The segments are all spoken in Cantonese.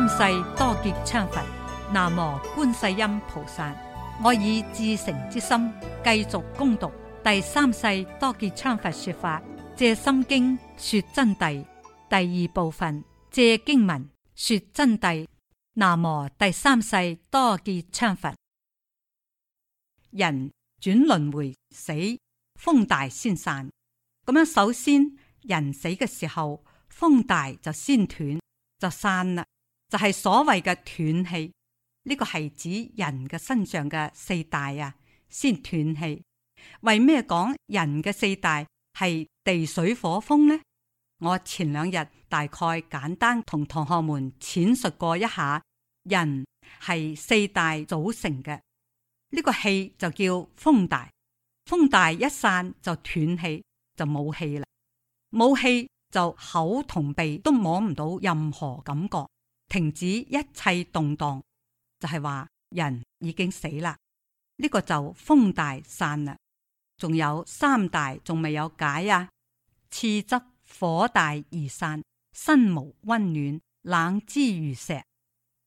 三世多杰羌佛，南無觀世音菩薩。我以至誠之心繼續攻讀第三世多杰羌佛說法《藉心經》說真諦第二部分《藉經文說真諦》，南無第三世多杰羌佛。人轉輪回死，風大先散。咁樣，首先人死嘅時候，風大就先斷就散啦。就係所謂嘅斷氣，呢個係指人嘅身上嘅四大啊，先斷氣。為咩講人嘅四大係地水火風呢？我前兩日大概簡單同同學們闡述過一下，人係四大組成嘅。呢個氣就叫風大，風大一散就斷氣，就冇氣啦。冇氣就口同鼻都摸唔到任何感覺。停止一切動蕩，就係話人已經死啦。呢個就風大散啦。仲有三大仲未有解啊。次則火大而散，身無溫暖，冷之如石。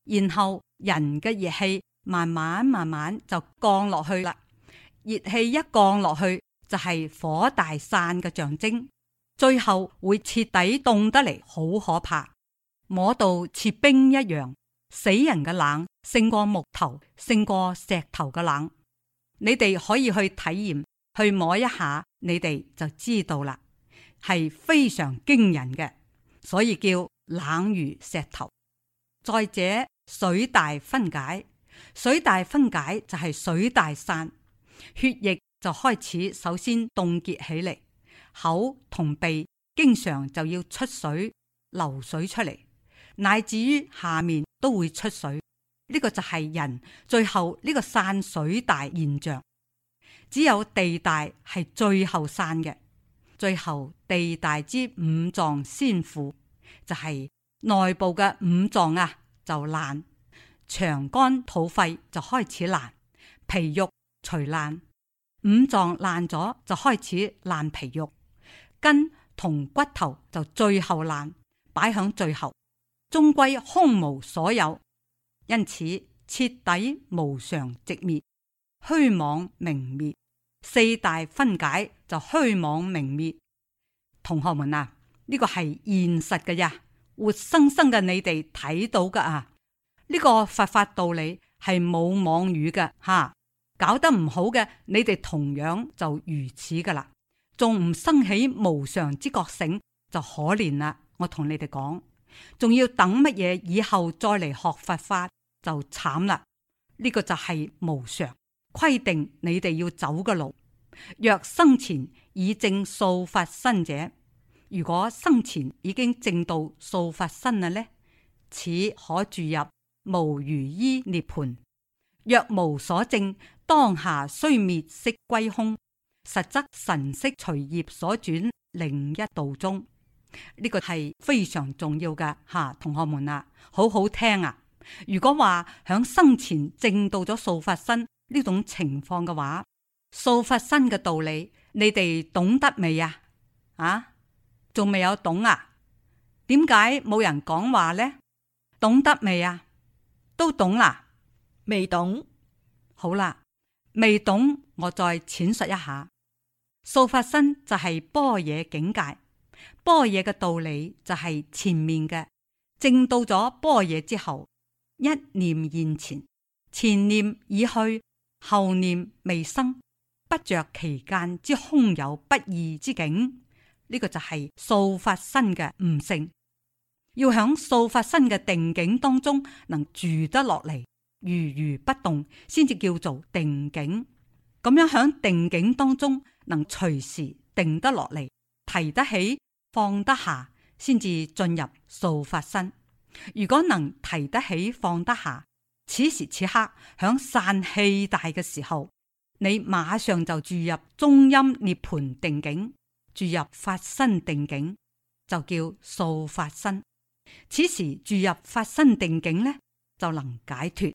然後人嘅熱氣慢慢慢慢就降落去啦。熱氣一降落去，就係火大散嘅象徵。最後會徹底凍得嚟，好可怕。摸到似冰一樣，死人嘅冷勝過木頭，勝過石頭嘅冷。你哋可以去體驗，去摸一下，你哋就知道啦，係非常驚人嘅，所以叫冷如石頭。再者，水大分解，水大分解就係水大散，血液就開始首先凍結起嚟，口同鼻經常就要出水、流水出嚟。乃至於下面都會出水，呢個就係人最後呢個散水大現象。只有地大係最後散嘅，最後地大之五臟先腐，就係內部嘅五臟啊，就爛腸、肝、肚、肺就開始爛皮肉，除爛五臟爛咗就開始爛皮肉，筋同骨頭就最後爛，擺響最後。終歸空無所有，因此徹底無常直滅，虛妄明滅，四大分解就虛妄明滅。同學們啊，呢個係現實嘅呀，活生生嘅你哋睇到噶啊，呢個佛法道理係冇妄語嘅吓、啊，搞得唔好嘅，你哋同樣就如此噶啦，仲唔生起無常之覺醒就可憐啦！我同你哋講。仲要等乜嘢？以後再嚟學佛法就慘啦！呢、這個就係無常規定，你哋要走嘅路。若生前已證數法身者，如果生前已經證到數法身啦，呢此可住入無如依涅盤。若無所證，當下雖滅色歸空，實則神識隨業所轉，另一道中。呢個係非常重要噶吓、啊，同學們啊，好好聽啊！如果話響生前證到咗素法身呢種情況嘅話，素法身嘅道理你哋懂得未啊？啊，仲未有懂啊？點解冇人講話呢？懂得未啊？都懂啦，未懂？好啦，未懂，我再淺述一下。素法身就係般若境界。般若嘅道理就係前面嘅正到咗般若之後，一念現前，前念已去，後念未生，不着其間之空有不二之境。呢、這個就係數法身嘅悟性，要響數法身嘅定境當中能住得落嚟，如如不動，先至叫做定境。咁樣響定境當中能隨時定得落嚟，提得起。放得下先至進入素法身。如果能提得起放得下，此時此刻響散氣大嘅時候，你馬上就住入中陰涅盤定境，住入法身定境，就叫素法身。此時住入法身定境呢，就能解脫，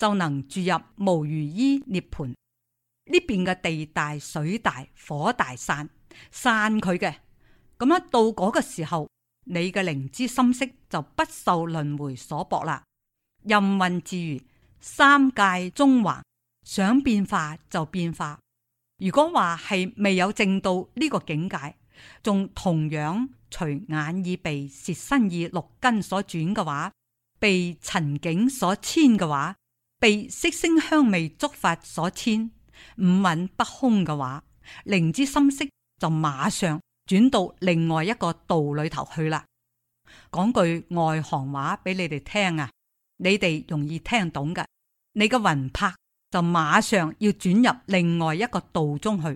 就能住入無餘依涅盤。呢邊嘅地大、水大、火大散、散散佢嘅。咁樣到嗰個時候，你嘅靈知心識就不受輪回所搏啦，任運自如，三界中環，想變化就變化。如果話係未有證到呢個境界，仲同樣隨眼耳鼻舌身意六根所轉嘅話，被塵境所遷嘅話，被色聲香味觸法所遷，五蘊不空嘅話，靈知心識就馬上。轉到另外一個道裏頭去啦，講句外行話俾你哋聽啊，你哋容易聽懂噶。你嘅魂魄就馬上要轉入另外一個道中去，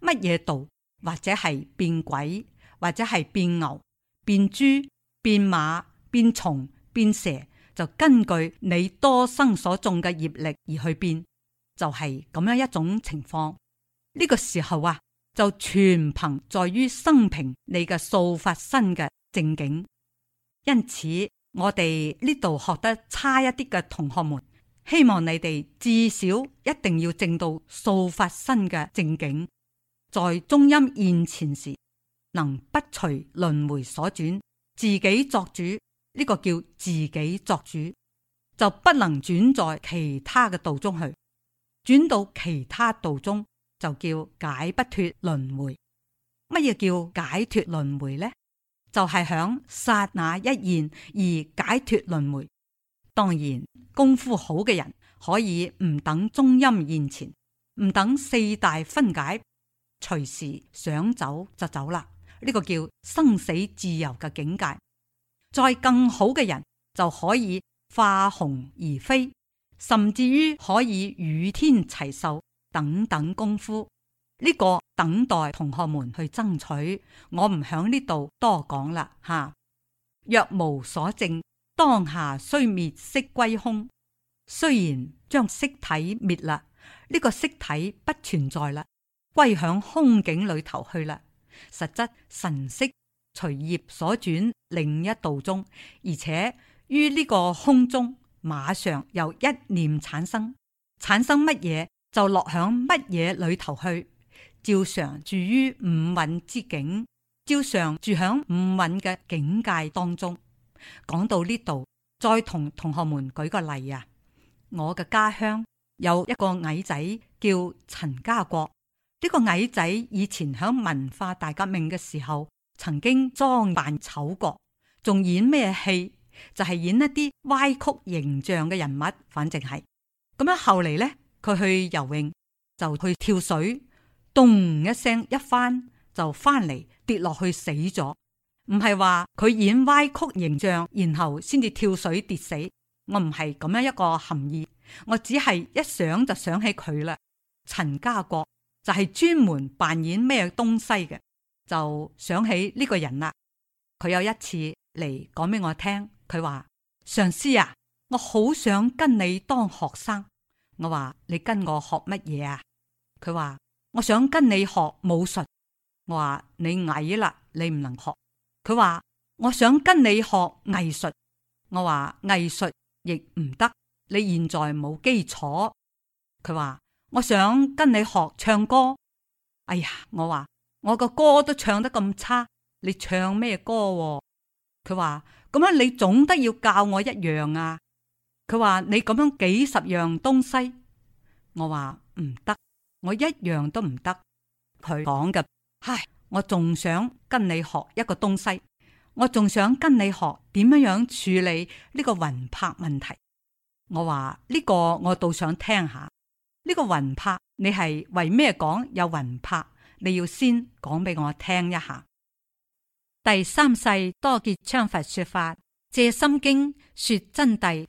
乜嘢道？或者係變鬼，或者係變牛、變豬、變馬、變蟲、變蛇，就根據你多生所種嘅業力而去變，就係咁樣一種情況。呢個時候啊。就全憑在於生平你嘅素法身嘅正境，因此我哋呢度學得差一啲嘅同學們，希望你哋至少一定要正到素法身嘅正境，在中陰現前時，能不隨輪回所轉，自己作主，呢、這個叫自己作主，就不能轉在其他嘅道中去，轉到其他道中，就叫解不脫輪回，乜嘢叫解脫輪回呢？就係響剎那一現而解脫輪回。當然功夫好嘅人可以唔等中陰現前，唔等四大分解，隨時想走就走啦。呢、這個叫生死自由嘅境界。再更好嘅人就可以化虹而飛，甚至於可以與天齊壽。等等功夫，呢個等待同學們去爭取，我唔響呢度多講啦吓。若無所證，當下雖滅識歸空，雖然將色體滅啦，呢個色體不存在啦，歸響空境裏頭去啦。實質神識隨業所轉另一道中，而且於呢個空中馬上又一念產生，產生乜嘢？就落響乜嘢裏頭去？照常住於五蘊之境，照常住響五蘊嘅境界當中。講到呢度，再同同學們舉個例啊！我嘅家鄉有一個矮仔叫陳家國，呢、這個矮仔以前響文化大革命嘅時候，曾經裝扮丑角，仲演咩戲？就係、是、演一啲歪曲形象嘅人物，反正係咁樣。後嚟呢。佢去游泳就去跳水，咚一聲一翻就翻嚟跌落去死咗。唔係話佢演歪曲形象，然後先至跳水跌死。我唔係咁樣一個含義，我只係一想就想起佢啦。陳家國就係專門扮演咩東西嘅，就想起呢個人啦。佢有一次嚟講俾我聽，佢話：上司啊，我好想跟你當學生。我話你跟我學乜嘢啊？佢話，我想跟你學武術。我話你矮啦，你唔能學。佢話我想跟你學藝術。我話藝術亦唔得，你現在冇基礎。佢話我想跟你學唱歌。哎呀，我話我個歌都唱得咁差，你唱咩歌啊？佢話咁樣，你總得要教我一樣啊。佢話你咁樣幾十樣東西，我話唔得，我一樣都唔得。佢講嘅，唉，我仲想跟你學一個東西，我仲想跟你學點樣樣處理呢個魂魄問題。我話呢個我倒想聽下，呢個魂魄你係為咩講有魂魄，你要先講俾我聽一下。第三世多杰羌佛說法《藉心經》說真諦。